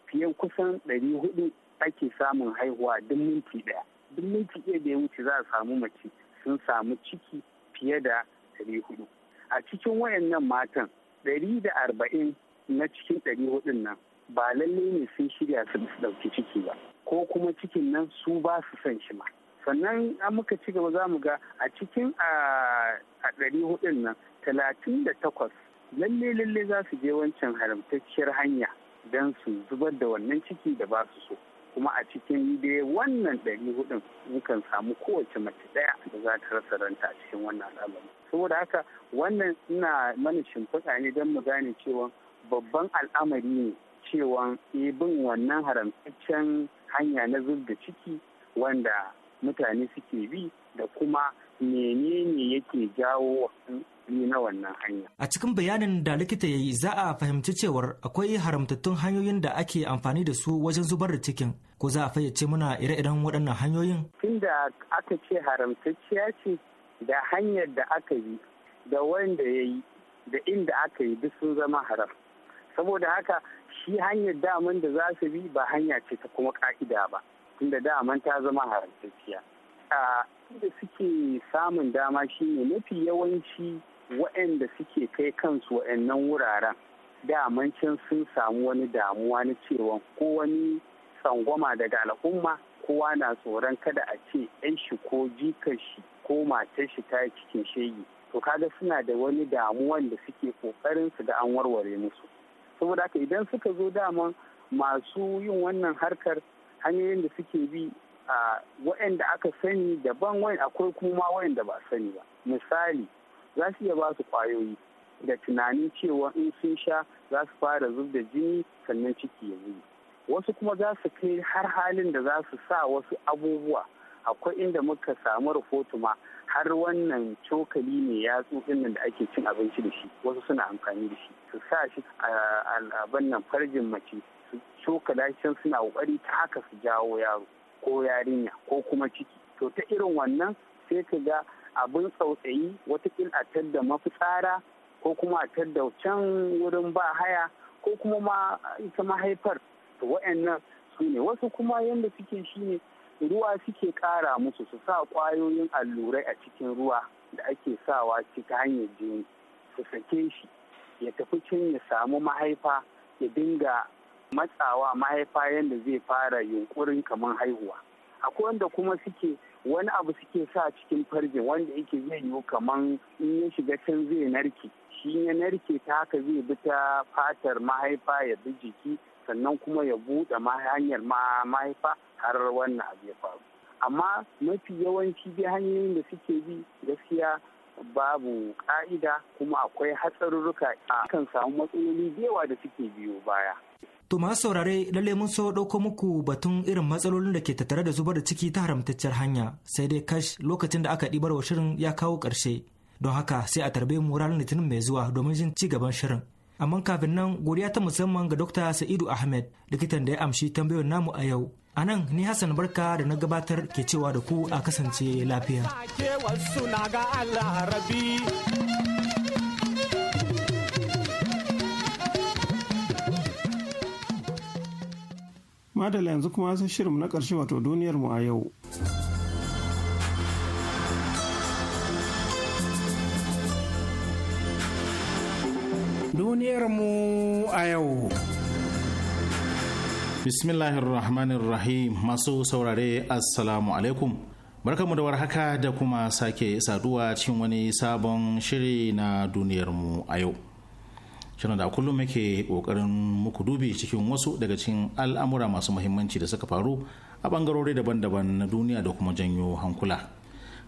fiye kusan ɗari 400 ake samun haihuwa duk minti daya duk minti ɗaya da ya wuce za a samu mace sun samu ciki fiye da 400 a cikin wayannan matan da arba'in na cikin hudun nan ba lalle ne sun shirya su ɗauki ciki ba ko kuma cikin nan su ba su son shi ma sannan an muka ci gaba za mu ga a cikin a ɗari hudun nan talatin da takwas lalle lalle za su je wancan haramtacciyar hanya don su zubar da wannan ciki da ba su so kuma a cikin dai wannan ɗari hudun mukan samu kowace mace ɗaya da za ta rasa ranta a cikin wannan al'amari saboda haka wannan ina mana shimfiɗa ne don mu gane cewa babban al'amari ne cewa eh, bin wannan haramtaccen hanya na da ciki wanda mutane suke bi da kuma menene yake jawo ni na wannan hanya. A cikin bayanin da likita ya yi za a fahimci cewar akwai haramtattun hanyoyin da ake amfani da su wajen zubar da cikin. Ko za a fayyace muna ire-iren waɗannan hanyoyin? Tunda aka ce haramtacciya ce da hanyar da aka yi da wanda ya yi da inda aka yi duk sun zama haram. Saboda haka shi hanyar daman da za su bi ba hanya ce ta kuma ka'ida ba. Tunda daman ta zama haramtacciya. da suke samun dama shine mafi yawanci waɗanda suke kai kansu waɗannan wuraren daman can sun samu wani damuwa na cewa ko wani sangwama daga al'umma kowa na tsoron kada a ce ɗan shi ko jikar shi ko matar shi ta cikin shegi to kaga suna da wani damuwan da suke kokarin su da an warware musu saboda haka idan suka zo dama masu yin wannan harkar hanyoyin da suke bi a waɗanda aka sani daban akwai kuma waɗanda ba sani ba misali za su iya ba su kwayoyi da tunanin cewa in sun sha za su fara zub da jini sannan ciki ya yi wasu kuma za su kai har halin da za su sa wasu abubuwa akwai inda muka samu rahoto ma har wannan cokali ne ya tsufin da ake cin abinci da shi wasu suna amfani da shi su sa shi a nan farjin mace su cokala can suna kokari ta haka su jawo yaro ko yarinya ko kuma ciki to ta irin wannan sai ka ga abin tsautsayi watakila a tadda mafitsara ko kuma a tadda can wurin ba haya ko kuma ma ita mahaifar to wa'annan su ne wasu kuma yadda suke shine ruwa suke kara musu su sa kwayoyin allurai a cikin ruwa da ake sawa cikin hanyar jini su sake shi ya tafi can ya samu mahaifa ya dinga matsawa mahaifa yadda zai fara yunkurin kamar haihuwa akwai wanda kuma suke wani abu suke sa cikin farjin wanda yake zai yiwu kaman in ya shiga can zai narke shi ya narke ta haka zai bi ta fatar mahaifa ya bi jiki sannan kuma ya buɗe hanyar mahaifa har wannan abu ya faru amma mafi yawanci dai hanyoyin da suke bi gaskiya babu ka'ida kuma akwai hatsarurruka a kan samu matsaloli da yawa da suke biyo baya To masu saurare lalle mun so ɗauko muku batun irin matsalolin da ke tattare da zubar da ciki ta haramtacciyar hanya sai dai kash lokacin da aka ɗibar wa shirin ya kawo ƙarshe. Don haka sai a tarbe mu ranar litinin mai zuwa domin jin ci gaban shirin. Amma kafin nan godiya ta musamman ga Dokta Sa'idu Ahmed likitan da ya amshi tambayar namu a yau. A nan ni Hassan Barka da na gabatar ke cewa da ku a kasance lafiya. madala yanzu kuma sai shirin na ƙarshe wato duniyar mu a yau duniyar mu a yau rahim masu saurare assalamu alaikum barkamu da warhaka da kuma sake saduwa cikin wani sabon shiri na duniyar mu a yau shirin da kullum muke kokarin muku dubi cikin wasu daga cikin al'amura masu muhimmanci da suka faru a bangarori daban-daban na duniya da kuma janyo hankula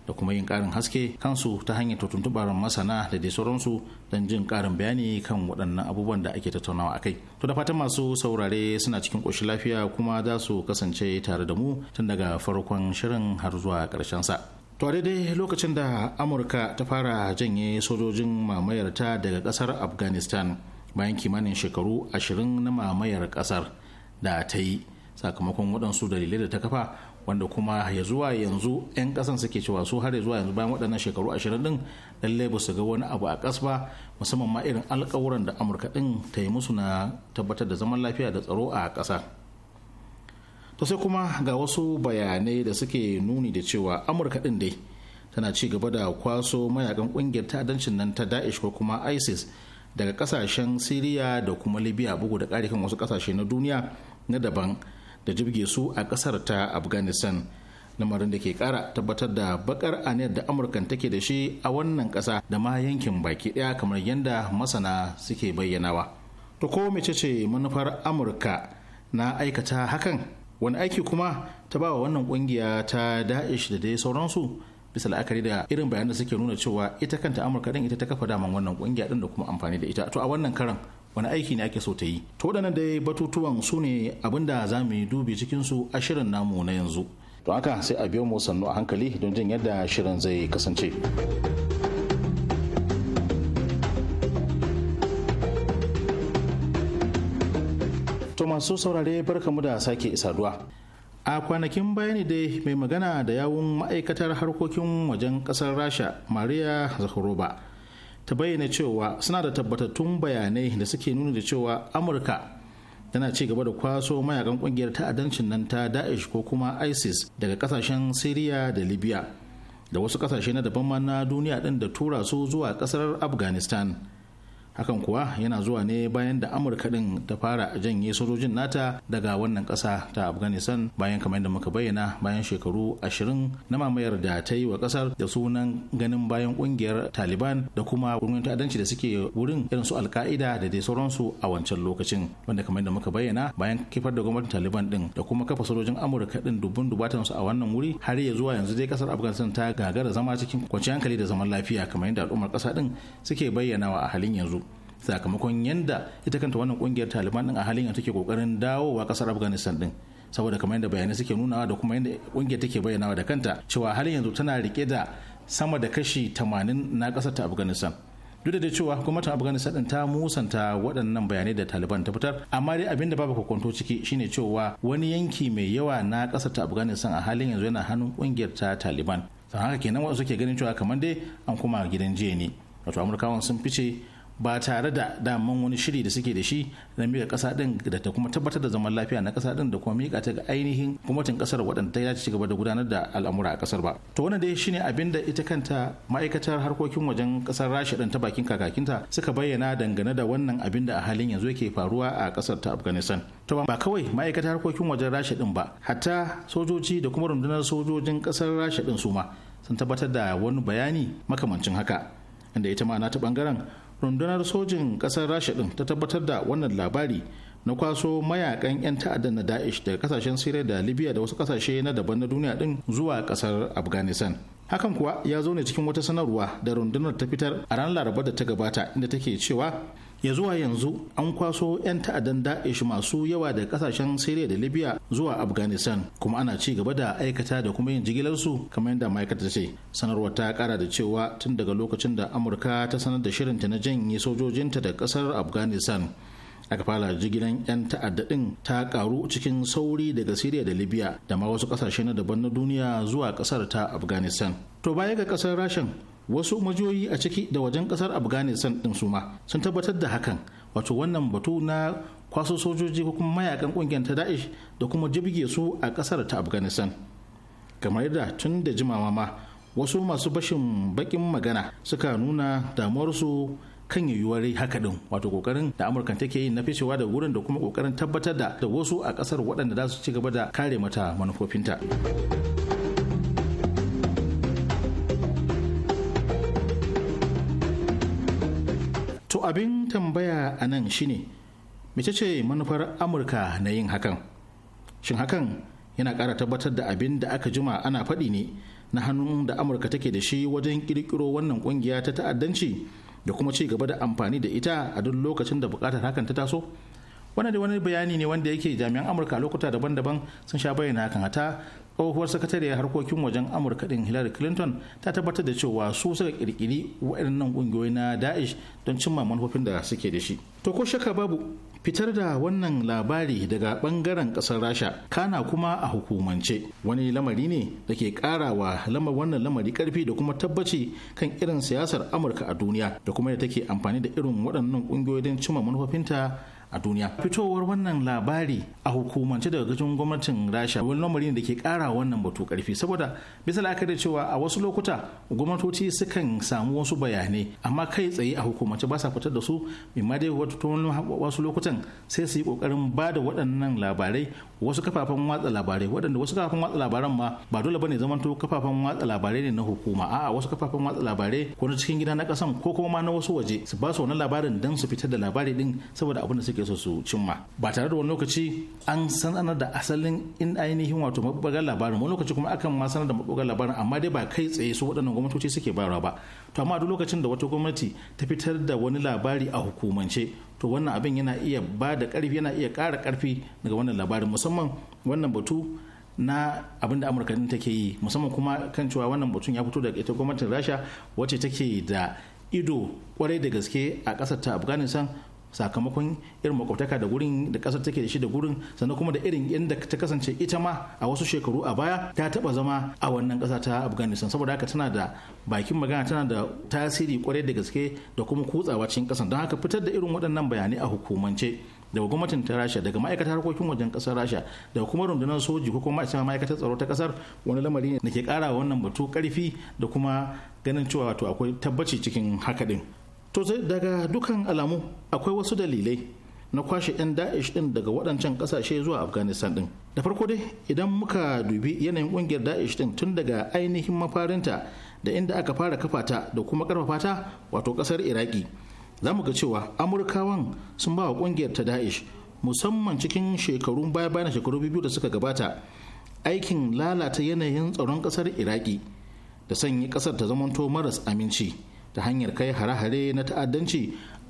da kuma yin karin haske kansu ta hanyar tuntubar masana da dai sauransu don jin karin bayani kan waɗannan abubuwan da ake tattaunawa a kai to da fatan masu saurare suna cikin ƙoshin lafiya kuma za su kasance tare da mu tun daga farkon shirin har zuwa ƙarshen sa to daidai lokacin da amurka ta fara janye sojojin mamayarta daga kasar afghanistan bayan kimanin shekaru ashirin na mamayar kasar da ta yi sakamakon waɗansu dalilai da ta kafa wanda kuma ya zuwa yanzu 'yan ƙasan suke cewa su har zuwa yanzu bayan waɗannan shekaru ashirin din lallai ba su ga wani abu a ƙas ba musamman ma irin alkawuran da amurka ɗin ta yi musu na tabbatar da zaman lafiya da tsaro a ƙasa. to sai kuma ga wasu bayanai da suke nuni da cewa amurka din dai tana ci gaba da kwaso mayakan kungiyar ta'addancin nan ta daesh ko kuma isis daga kasashen siriya da kuma libya bugu da kan wasu kasashe na duniya na daban da jibge su a kasar ta afghanistan lamarin da ke kara tabbatar da bakar aniyar da amurkan take da shi a wannan kasa da ma yankin baki daya kamar yadda masana suke bayyanawa to ko mecece manufar amurka na aikata hakan wani aiki kuma ta ba wa wannan kungiya ta da'ish da dai sauransu bisa la'akari da irin bayanan da suke nuna cewa ita kanta amurka din ita ta kafa daman wannan kungiya din da kuma amfani da ita to a wannan karan wani aiki ne ake so ta yi to waɗannan dai batutuwan su ne abin da za mu yi dubi cikinsu a shirin namu na yanzu don haka sai a biyo mu sannu a hankali don jin yadda shirin zai kasance. to masu saurare barkamu da sake saduwa a kwanakin bayani dai mai magana da yawun ma'aikatar harkokin wajen kasar rasha maria zakharova ta bayyana cewa suna da tabbatattun bayanai da suke nuna da cewa amurka tana ci gaba da kwaso mayakan kungiyar ta'addancin nan ta daesh ko kuma isis daga kasashen syria da libya da wasu kasashe na daban ma na duniya din da tura su zuwa kasar afghanistan hakan kuwa yana zuwa ne bayan da amurka din ta fara janye sojojin nata daga wannan kasa ta afghanistan bayan kamar yadda muka bayyana bayan shekaru ashirin na mamayar da ta yi wa kasar da sunan ganin bayan kungiyar taliban da kuma wurin ta'addanci da suke wurin irin su alka'ida da dai sauransu a wancan lokacin wanda kamar yadda muka bayyana bayan kifar da gwamnatin taliban din da kuma kafa sojojin amurka din dubun dubatan su a wannan wuri har ya zuwa yanzu dai kasar afghanistan ta gagara zama cikin kwanciyar hankali da zaman lafiya kamar yadda al'ummar kasa din suke bayyanawa a halin yanzu sakamakon yanda ita kanta wannan kungiyar taliban din a halin yanzu take kokarin dawowa kasar afghanistan din saboda kamar yadda bayanai suke nunawa da kuma yadda kungiyar take bayyanawa da kanta cewa halin yanzu tana rike da sama da kashi 80 na kasar ta afghanistan duk da cewa gwamnatin afghanistan din ta musanta waɗannan bayanai da taliban ta fitar amma dai abin da babu kokonto ciki shine cewa wani yanki mai yawa na ƙasar ta afghanistan a halin yanzu yana hannun kungiyar ta taliban sannan haka kenan wasu ke ganin cewa kamar dai an kuma gidan jiya ne wato amurkawan sun fice ba tare da daman wani shiri da suke da shi na miƙa ƙasa ɗin da ta kuma tabbatar da zaman lafiya na ƙasa ɗin da kuma miƙa ta ga ainihin gwamnatin ƙasar waɗanda ta ci gaba da gudanar da al'amura a ƙasar ba to wannan dai shine abin da ita kanta ma'aikatar harkokin wajen ƙasar rasha ɗin ta bakin kakakinta suka bayyana dangane da wannan abin da a halin yanzu yake faruwa a ƙasar ta afghanistan to ba kawai ma'aikatar harkokin wajen rasha ɗin ba hatta sojoji da kuma rundunar sojojin ƙasar rasha ɗin su ma sun tabbatar da wani bayani makamancin haka inda ita ma ta bangaren rundunar sojin kasar rasha ɗin ta tabbatar da wannan labari na kwaso mayakan 'yan ta'adda na daesh daga kasashen siriya da libya da wasu kasashe na daban na duniya din zuwa kasar afghanistan hakan kuwa ya zo ne cikin wata sanarwa da rundunar ta fitar a ranar laraba da ta gabata inda take cewa ya zuwa yanzu an kwaso 'yan ta'addan da'ish masu yawa da kasashen syria da libya zuwa afghanistan kuma ana ci gaba da aikata da kuma yin jigilarsu kamar yadda ma'aikata ce sanarwar ta kara da cewa tun daga lokacin da amurka ta sanar da shirinta na janye sojojinta da kasar afghanistan aka fara jigilan 'yan ta'adda din ta karu cikin sauri daga syria da libya da ma wasu kasashe na daban na duniya zuwa kasar ta afghanistan to baya ga kasar rashin wasu majoyi a ciki da wajen kasar afghanistan din suma sun tabbatar da hakan wato wannan batu na kwaso sojoji ko kuma mayakan kungiyar ta da'ish da kuma jibge su a kasar ta afghanistan kamar yadda tun da jimawa ma wasu masu bashin bakin magana suka nuna damuwarsu kan yiwuwar haka din wato kokarin da amurka take yi na ficewa da wurin da kuma kokarin tabbatar da wasu a kasar waɗanda za su ci gaba da kare mata manufofinta. abin tambaya a nan shine mece ce manufar Amurka na yin hakan? Shin hakan yana kara tabbatar da abin da aka jima ana faɗi ne na hannun da Amurka take da shi wajen ƙirƙiro wannan kungiya ta ta'addanci da kuma ci gaba da amfani da ita a duk lokacin da buƙatar hakan ta taso? wannan da wani bayani ne wanda yake jami'an amurka lokuta daban-daban sun sha bayyana hakan hata tsohuwar sakatariyar harkokin wajen amurka din hillary clinton ta tabbatar da cewa su suka kirkiri waɗannan ƙungiyoyi na daesh don cimma manufofin da suke da shi to ko shaka babu fitar da wannan labari daga bangaren kasar rasha kana kuma a hukumance wani lamari ne da ke wa lamar wannan lamari karfi da kuma tabbaci kan irin siyasar amurka a duniya da kuma da take amfani da irin waɗannan ƙungiyoyi don cimma manufofinta a duniya fitowar wannan labari a hukumance daga gajin gwamnatin rasha wani lamari da ke kara wannan batu karfi saboda bisa da cewa a wasu lokuta gwamnatoci sukan samu wasu bayanai amma kai tsaye a hukumance ba sa fitar da su ma dai wasu lokutan sai su yi kokarin ba da waɗannan labarai wasu kafafen watsa labarai waɗanda wasu kafafen watsa labaran ma ba dole bane zamanto kafafen watsa labarai ne na hukuma a'a wasu kafafen watsa labarai ko na cikin gida na kasan ko kuma ma na wasu waje su ba su wannan labarin don su fitar da labari din saboda abin da suke so su cimma ba tare da wani lokaci an sanar da asalin in ainihin wato mabugar labarin wani lokaci kuma akan ma sanar da mabugar labarin amma dai ba kai tsaye su waɗannan gwamnatoci suke bayarwa ba to amma duk lokacin da wata gwamnati ta fitar da wani labari a hukumance to wannan abin yana iya ba da ƙarfi yana iya kara karfi daga wannan labarin musamman wannan batu na abin da amurka din take yi musamman kuma kan cewa wannan batun ya fito daga ita gwamnatin rasha wacce take da ido kwarai da gaske a kasar ta afghanistan sakamakon irin makwabtaka da gurin da kasar take da shi da gurin sannan kuma da irin inda ta kasance ita ma a wasu shekaru a baya ta taba zama a wannan kasa ta afghanistan saboda haka tana da bakin magana tana da tasiri kwarai da gaske da kuma kutsawa cikin kasar don haka fitar da irin waɗannan bayanai a hukumance daga gwamnatin ta rasha daga ma'aikatar harkokin wajen kasar rasha daga kuma rundunar soji ko kuma ma'aikatar tsaro ta kasar wani lamari ne da ke kara wannan batu karfi da kuma ganin cewa wato akwai tabbaci cikin haka din to daga dukan alamu akwai wasu dalilai na kwashe 'yan da'ish din daga waɗancan ƙasashe zuwa afghanistan din da farko dai idan muka dubi yanayin ƙungiyar da'ish din tun daga ainihin mafarinta da inda aka fara kafata da kuma ƙarfafa ta wato ƙasar iraki za mu ga cewa amurkawan sun ba wa ƙungiyar ta da'ish musamman cikin shekarun baya bayan shekaru biyu da suka gabata aikin lalata yanayin tsaron ƙasar iraki da sanyi ƙasar ta zamanto maras aminci ta hanyar kai hare-hare na ta'addanci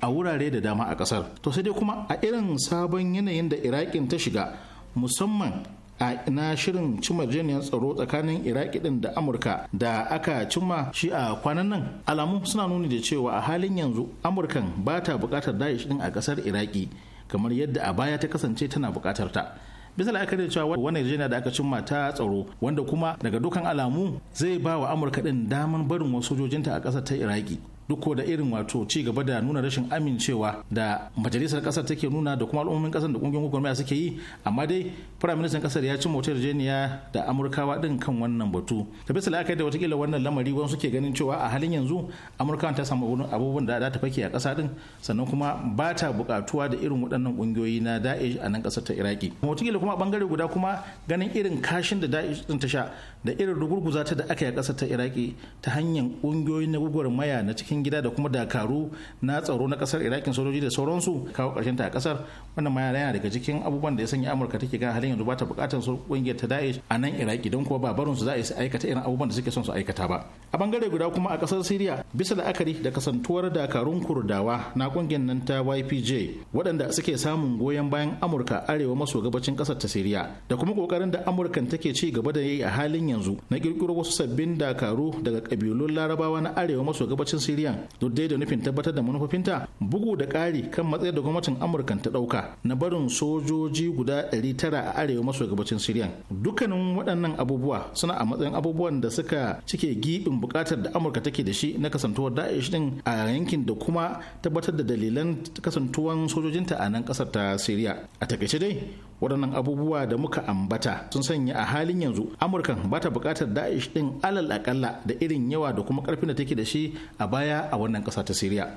a wurare da dama a kasar to sai dai kuma a irin sabon yanayin da iraƙin ta shiga musamman a na shirin jiniyar tsaro tsakanin iraki din da amurka da aka cimma shi a kwanan nan alamu suna nuni da cewa a halin yanzu amurkan ba ta bukatar shi din a kasar iraki kamar yadda a baya ta kasance tana bukatar ta bisa la'akari da cewa wannan yarjejeniya da aka cimma ta tsaro wanda kuma daga dukkan alamu zai ba wa amurka din damar barin wasu sojojinta a ƙasar ta iraki duk da irin wato ci gaba da nuna rashin amincewa da majalisar kasar take nuna da kuma al'ummomin kasar da kungiyoyin gwamnati suke yi amma dai prime minister kasar ya ci mota jeniya da amurkawa din kan wannan batu ta bisa la'akari da watakila wannan lamari wani suke ganin cewa a halin yanzu amurka ta samu abubuwan da ta fake a kasa din sannan kuma ba ta bukatuwa da irin waɗannan kungiyoyi na da'ish a nan kasar ta iraki watakila kuma bangare guda kuma ganin irin kashin da da'ish din ta sha da irin rugurguza ta da aka yi a kasar ta iraki ta hanyar kungiyoyin na gugurmaya na cikin gida da kuma dakaru na tsaro na kasar irakin sojoji da sauransu kawo karshen ta a kasar wannan ma yana daga cikin abubuwan da ya sanya amurka take ga halin yanzu ba ta bukatar su kungiyar ta daesh a nan iraki don kuwa ba barin su za a aikata irin abubuwan da suke son su aikata ba a bangare guda kuma a kasar syria bisa la'akari da kasantuwar dakarun kurdawa na kungiyar nan ta ypj waɗanda suke samun goyon bayan amurka arewa maso gabacin kasar ta syria da kuma kokarin da amurka take ci gaba da yi a halin yanzu na kirkiro wasu sabbin dakaru daga kabilun larabawa na arewa maso gabacin syria Siriyan duk da nufin tabbatar da manufofinta bugu da ƙari kan matsayar da gwamnatin Amurka ta ɗauka na barin sojoji guda 900 a arewa maso gabacin siriya Dukkanin waɗannan abubuwa suna a matsayin abubuwan da suka cike giɓin buƙatar da Amurka take da shi na kasantuwar Daesh din a yankin da kuma tabbatar da dalilan kasantuwan sojojinta a nan kasar ta Siriya. A takaice dai waɗannan abubuwa da muka ambata sun sanya a halin yanzu amurkan ba ta buƙatar da'ish ɗin alal akalla da irin yawa da kuma ƙarfin da take da shi a baya a wannan ƙasa ta siriya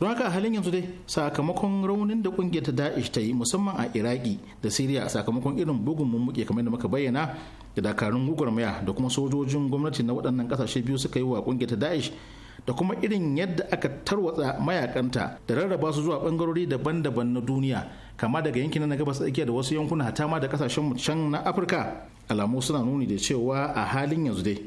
don haka a halin yanzu dai sakamakon raunin da ƙungiyar ta da'ish ta yi musamman a iraki da siriya sakamakon irin bugun mummuke kamar da muka bayyana da dakarun gugurmaya da kuma sojojin gwamnati na waɗannan ƙasashe biyu suka yi wa ƙungiyar ta da'ish da kuma irin yadda aka tarwatsa mayakanta da rarraba su zuwa ɓangarori daban-daban na duniya kama daga yankin na gabas tsakiya da wasu yankuna hata ma da kasashen can na afirka alamu suna nuni da cewa a halin yanzu dai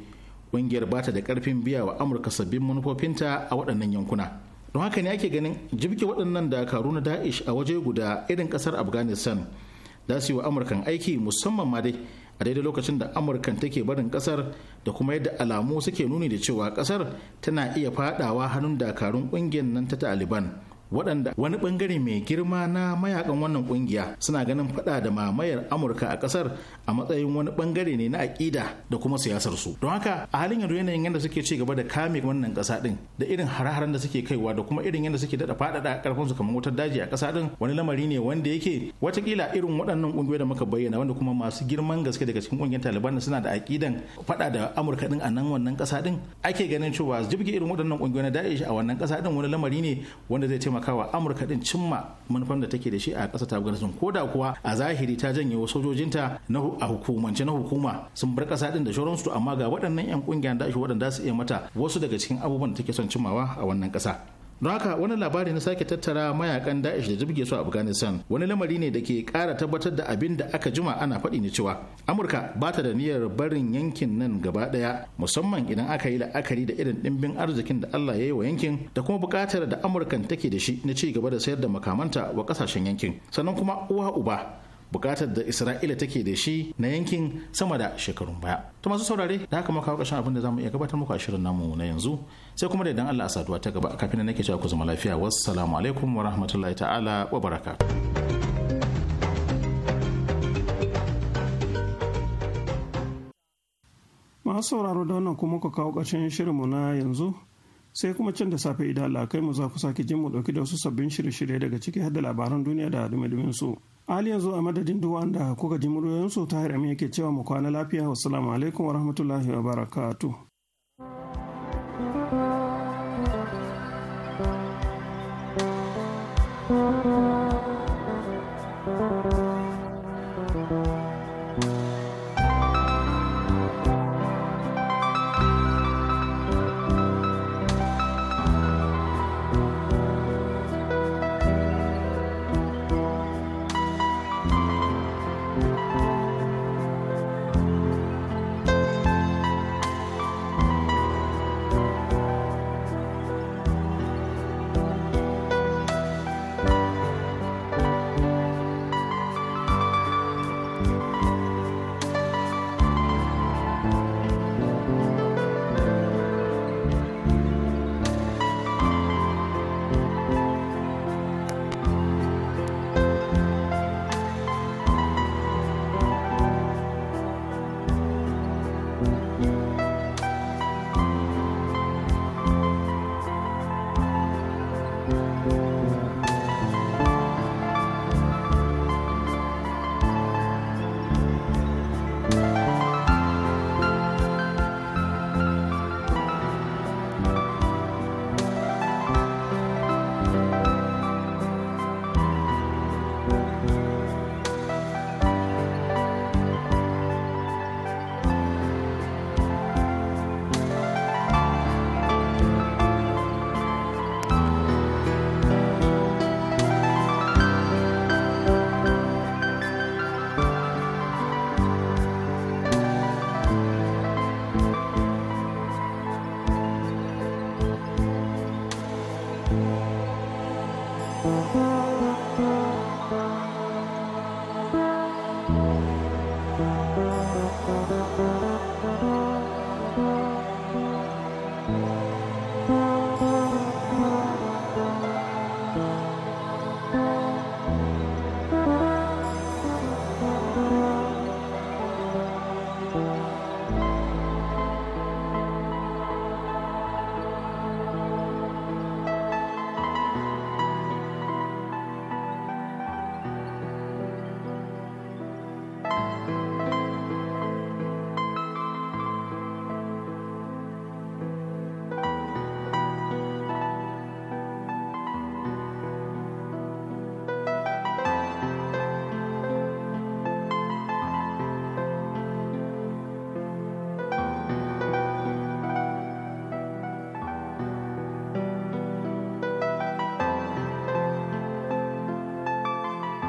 kungiyar bata da karfin biya wa amurka sabbin manufofinta a waɗannan yankuna don haka ne ake ganin jibge waɗannan dakaru na da'ish a waje guda irin ƙasar afghanistan da su yi wa amurkan aiki musamman ma dai a daidai lokacin da amurkan take barin ƙasar da kuma yadda alamu suke nuni da cewa ƙasar tana iya fadawa hannun dakarun kungiyar nan ta taliban waɗanda wani ɓangare mai girma na mayakan wannan ƙungiya suna ganin faɗa da mamayar amurka a ƙasar a matsayin wani ɓangare ne na aƙida da kuma siyasar su don haka a halin yanzu yanayin yadda suke ci gaba da kame wannan ƙasa ɗin da irin har-haren da suke kaiwa da kuma irin yadda suke daɗa faɗaɗa ƙarfinsu kamar wutar daji a ƙasa ɗin wani lamari ne wanda yake watakila irin waɗannan ƙungiyoyi da muka bayyana wanda kuma masu girman gaske daga cikin ƙungiyar taliban suna da aƙidan faɗa da amurka ɗin a nan wannan ƙasa ɗin ake ganin cewa jibge irin waɗannan ƙungiyoyi na da'ish a wannan ƙasa ɗin wani lamari ne wanda zai taimaka taimakawa amurka din cimma manufan da take da shi a ƙasa ta afghanistan ko da kuwa a zahiri ta janye sojojinta na a hukumance na hukuma sun bar ƙasa din da shoransu amma ga waɗannan 'yan ƙungiyar da shi waɗanda su iya mata wasu daga cikin abubuwan da take son cimmawa a wannan ƙasa don haka wani labari na sake tattara mayakan da'ish da jirge su a afghanistan wani lamari ne da ke kara tabbatar da abin da aka jima ana faɗi ne cewa amurka ba ta da niyyar barin yankin nan gaba ɗaya musamman idan aka yi la'akari da irin ɗimbin arzikin da allah ya yi wa yankin da kuma buƙatar da amurkan take da shi na ci gaba da sayar da makamanta wa ƙasashen yankin sannan kuma uwa uba bukatar da isra'ila take da shi na yankin sama da shekarun baya to masu saurare da haka maka ƙarshen abin da zamu iya gabatar muku a shirin namu na yanzu sai kuma da idan Allah a saduwa ta gaba kafin nake cewa ku zama lafiya wassalamu alaikum wa rahmatullahi ta'ala wa barakatuh masu sauraro da wannan kuma ka kawo ƙarshen shirinmu na yanzu sai kuma can da safe idan kai mu za ku sake jin mu ɗauki da wasu sabbin shirye-shirye daga ciki har da labaran duniya da dumi-dumin su ya yanzu a madadin duk wanda kuka ji ta tahir amin yake cewa mu kwana lafiya wassalamu alaikum warahmatullahi wabarakatuh